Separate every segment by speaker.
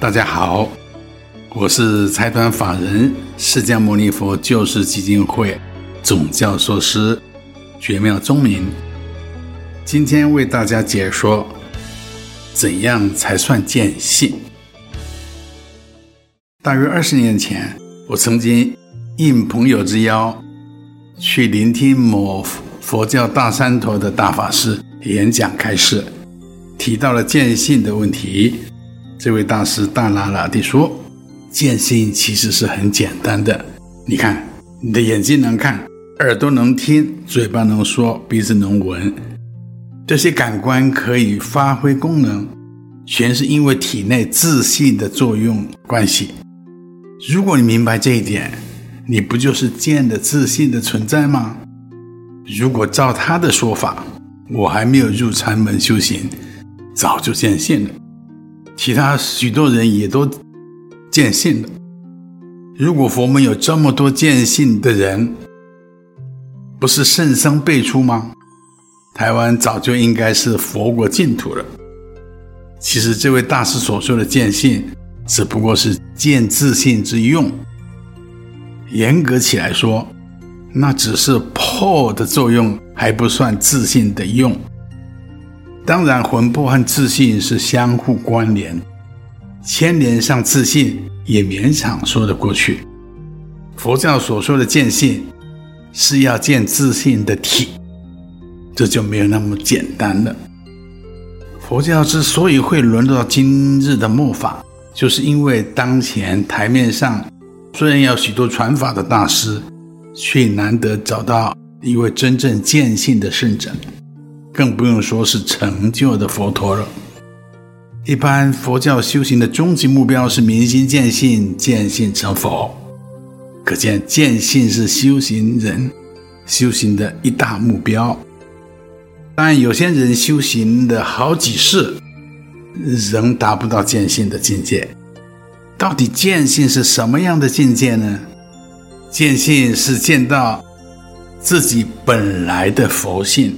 Speaker 1: 大家好，我是財團法人釋迦牟尼佛救世基金會總教授師覺妙宗明，今天為大家解說怎樣才算見性。大約二十年前，我曾經應朋友之邀，去聆聽某佛教大山頭的大法師演講開示，提到了見性的問題。這位大師大喇喇地說：“見性其實是很簡單的。你看，你的眼睛能看，耳朵能聽，嘴巴能說，鼻子能聞，這些感官可以發揮功能，全是因為體內自性的作用關係。如果你明白這一點，你不就是見了自性的存在嗎？如果照他的說法，我還沒有入禪門修行，早就見性了。”其他許多人也都見性了。如果佛門有這麼多見性的人，不是聖僧輩出嗎？台灣早就應該是佛國淨土了。其實這位大師所說的見性，只不過是見自性之用。嚴格起來說，那只是魄的作用，還不算自性的用。當然，魂魄和自性是相互關聯，牽連上自性也勉強說得過去。佛教所說的見性，是要見自性的體，這就沒有那麼簡單了。佛教之所以會淪落到今日的末法，就是因為當前台面上雖然有許多傳法的大師，卻難得找到一位真正見性的聖者。更不用說是成就的佛陀了。一般佛教修行的終極目標是明心見性，見性成佛。可見，見性是修行人修行的一大目標。但有些人修行的好幾世，仍達不到見性的境界。到底見性是什麼樣的境界呢？見性是見到自己本來的佛性。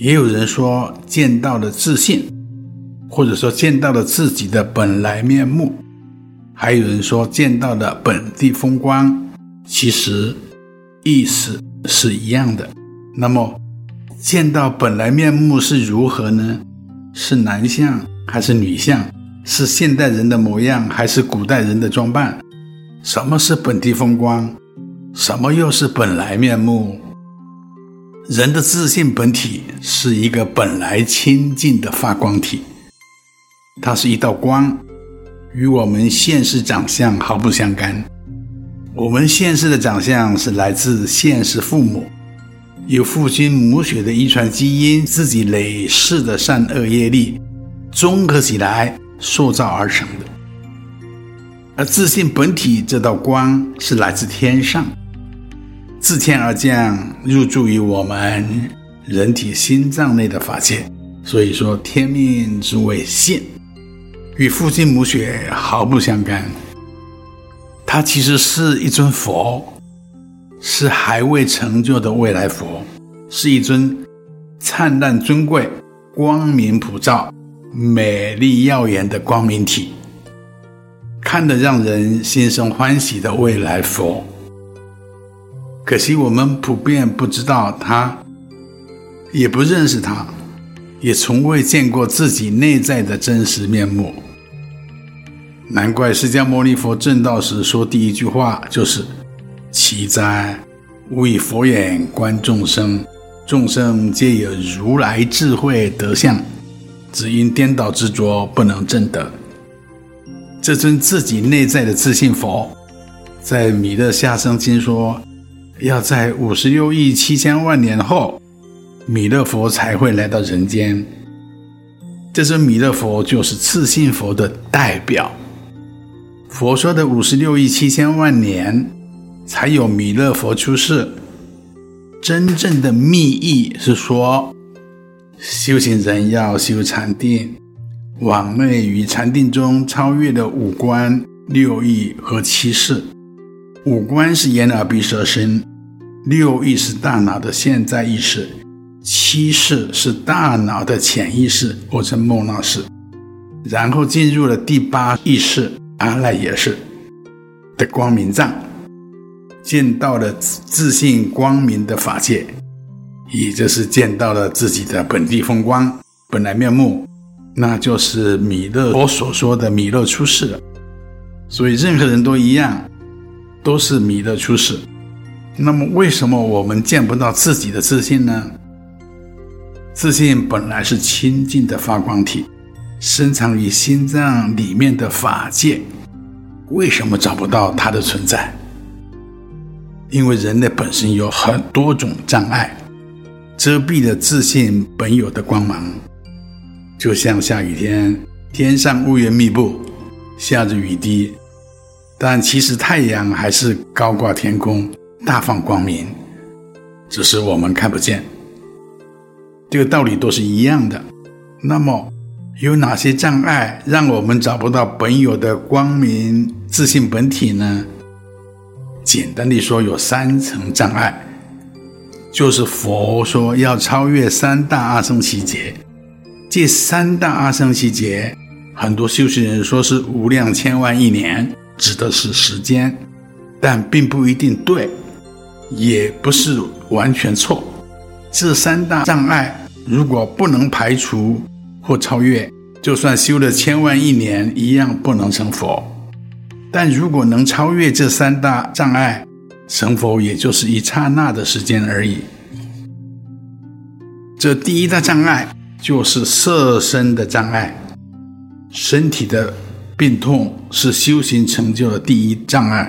Speaker 1: 也有人說見到了自性，或者說見到了自己的本來面目；還有人說見到了本地風光，其實意思是一樣的。那麼，見到本來面目是如何呢？是男相還是女相？是現代人的模樣還是古代人的裝扮？什麼是本地風光？什麼又是本來面目？人的自性本體是一個本來清淨的發光體，它是一道光，與我們現世長相毫不相干。我們現世的長相是來自現世父母，有父精母血的遺傳基因，自己累世的善惡業力綜合起來塑造而成的。而自性本體這道光是來自天上。自天而降，入住於我們人體心臟內的法界，所以說，天命之謂性，與父精母血毫不相干。它其實是一尊佛，是還未成就的未來佛，是一尊燦爛尊貴、光明普照、美麗耀眼的光明體，看得讓人心生歡喜的未來佛。可惜我們普遍不知道他，也不認識他，也從未見過自己內在的真實面目。難怪釋迦牟尼佛證道時說第一句話就是：“奇哉，吾以佛眼觀眾生，眾生皆有如來智慧德相，只因顛倒執着不能證得。”這尊自己內在的自性佛，在《彌勒下生經》說。要在五十六億七千萬年後，彌勒佛才會來到人間。這尊彌勒佛就是自性佛的代表。佛說的五十六億七千萬年才有彌勒佛出世，真正的密意是說，修行人要修禪定，往內於禪定中超越的五官、六意和七事。五官是眼、耳、鼻、舌、身。六意識，大腦的現在意識；七意識是大腦的潛意識，或者末那識，然後進入了第八意識，阿賴耶識的光明藏，見到了自性光明的法界，也就是見到了自己的本地風光、本來面目，那就是彌勒。我所說的彌勒出世了，所以任何人都一樣，都是彌勒出世。那麼，為什麼我們見不到自己的自性呢？自性本來是清淨的發光體，深藏於心臟裡面的法界。為什麼找不到它的存在？因為人類本身有很多種障礙，遮蔽了自性本有的光芒。就像下雨天，天上烏雲密布，下着雨滴，但其實太陽還是高掛天空。大放光明，只是我們看不見。這個道理都是一樣的。那麼，有哪些障礙讓我們找不到本有的光明自性本體呢？簡單的說，有三層障礙，就是佛說要超越三大阿僧祇劫。這三大阿僧祇劫，很多修行人說是無量千萬億年，指的是時間，但並不一定對。也不是完全錯。這三大障礙如果不能排除或超越，就算修了千萬億年，一樣不能成佛。但如果能超越這三大障礙，成佛也就是一剎那的時間而已。這第一大障礙就是色身的障礙，身體的病痛是修行成就的第一障礙。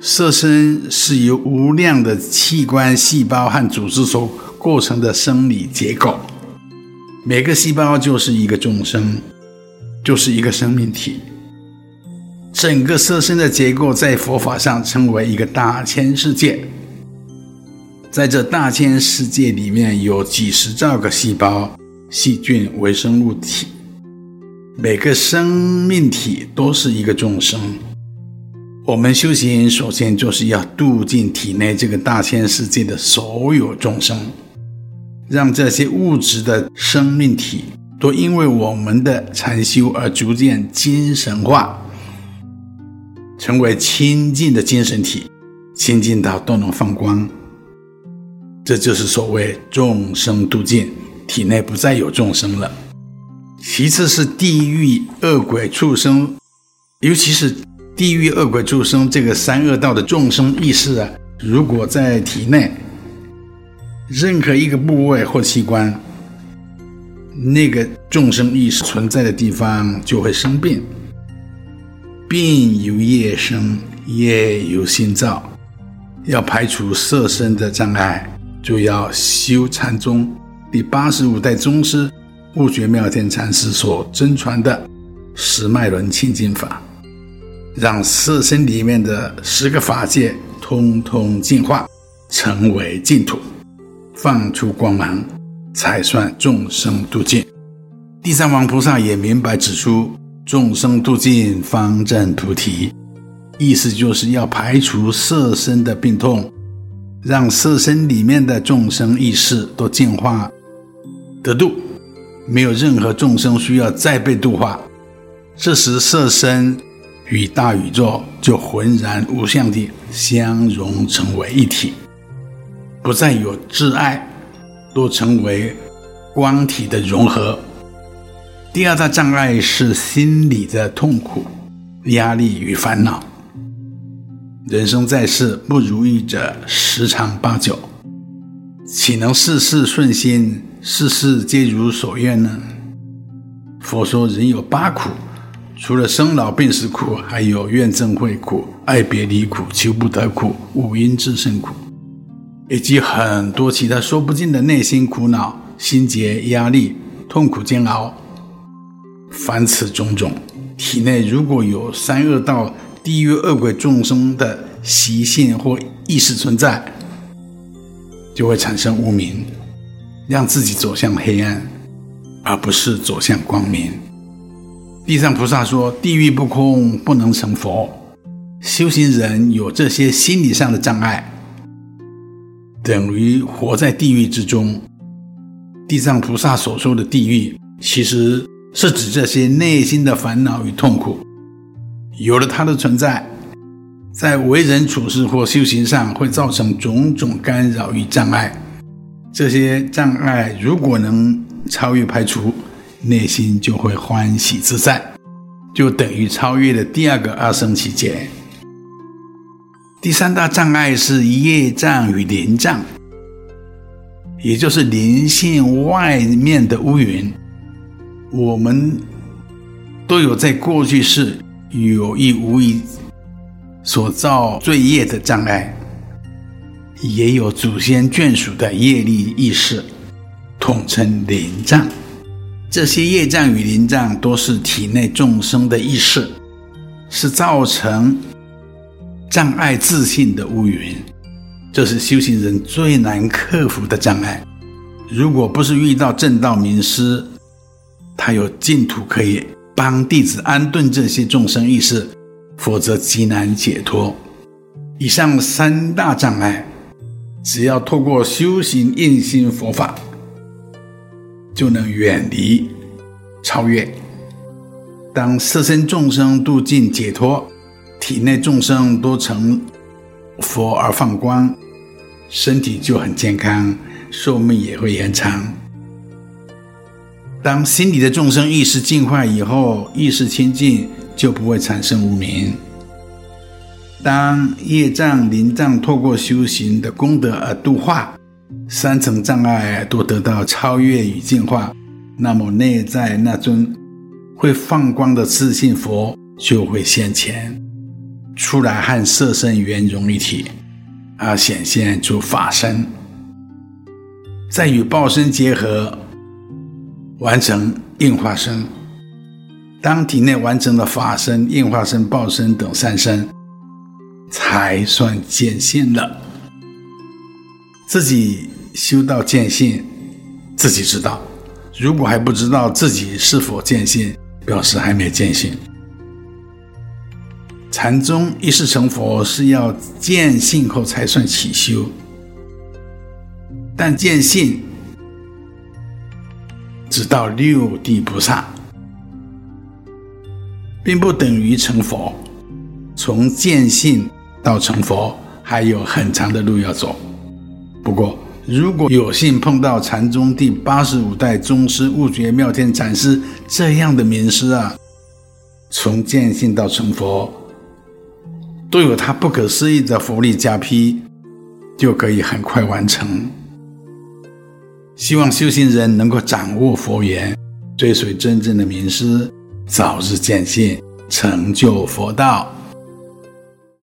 Speaker 1: 色身是由無量的器官、細胞和組織所構成的生理結構。每個細胞就是一個眾生，就是一個生命體。整個色身的結構在佛法上稱為一個大千世界。在這大千世界裡面有幾十兆個細胞、細菌、微生物體。每個生命體都是一個眾生。我們修行，首先就是要度盡體內這個大千世界的所有眾生，讓這些物質的生命體都因為我們的禪修而逐漸精神化，成為清淨的精神體，清淨到都能放光。這就是所謂眾生度盡，體內不再有眾生了。其次是地獄、惡鬼、畜生，尤其是。地獄惡鬼眾生，這個三惡道的眾生意識啊，如果在體內任何一個部位或器官，那個眾生意識存在的地方就會生病。病由業生，業由心造。要排除色身的障礙，就要修禪宗第八十五代宗師悟覺妙天禪師所真傳的十脈輪清淨法。讓色身裡面的十個法界通通淨化，成為淨土，放出光芒，才算眾生度盡。地藏王菩薩也明白指出，眾生度盡方證菩提，意思就是要排除色身的病痛，讓色身裡面的眾生意識都淨化得度，沒有任何眾生需要再被度化。這時色身。與大宇宙就渾然無相地相融成為一體，不再有摯愛，都成為光體的融合。第二大障礙是心理的痛苦、壓力與煩惱。人生在世，不如意者十常八九，豈能事事順心、事事皆如所願呢？佛說人有八苦。除了生老病死苦，還有怨憎會苦、愛別離苦、求不得苦、五陰熾盛苦，以及很多其他說不盡的內心苦惱、心結、壓力、痛苦煎熬。凡此種種，體內如果有三惡道、地獄惡鬼眾生的習性或意識存在，就會產生無明，讓自己走向黑暗，而不是走向光明。地藏菩薩說：“地獄不空，不能成佛。修行人有這些心理上的障礙，等於活在地獄之中。”地藏菩薩所說的地獄，其實是指這些內心的煩惱與痛苦。有了它的存在，在為人處事或修行上，會造成種種干擾與障礙。這些障礙，如果能超越、排除。內心就會歡喜自在，就等於超越了第二個二生期間。第三大障礙是業障與靈障，也就是靈性外面的烏雲。我們都有在過去世有意無意所造罪業的障礙，也有祖先眷屬的業力意識，統稱靈障。這些業障與靈障，都是體內眾生的意識，是造成障礙自性的烏雲。這是修行人最難克服的障礙。如果不是遇到正道名師，他有淨土可以幫弟子安頓這些眾生意識，否則極難解脫。以上三大障礙，只要透過修行印心佛法，就能遠離、超越。當色身眾生度盡、解脫，體內眾生都成佛而放光，身體就很健康，壽命也會延長。當心理的眾生意識淨化以後，意識清淨就不會產生無明。當業障、靈障透過修行的功德而度化。三層障礙都得到超越與淨化，那麼內在那尊會放光的自性佛就會現前，出來和色身圓融一體，而顯現出法身，再與報身結合，完成應化身。當體內完成了法身、應化身、報身等三身，才算見性了，自己。修道見性，自己知道。如果還不知道自己是否見性，表示還沒見性。禪宗一世成佛是要見性後才算起修，但見性直到六地菩薩，並不等於成佛。從見性到成佛還有很長的路要走。不過，如果有幸碰到禪宗第八十五代宗師悟覺妙天禪師這樣的名師啊，從見性到成佛，都有他不可思議的佛力加被，就可以很快完成。希望修行人能夠掌握佛緣，追隨真正的名師，早日見性，成就佛道。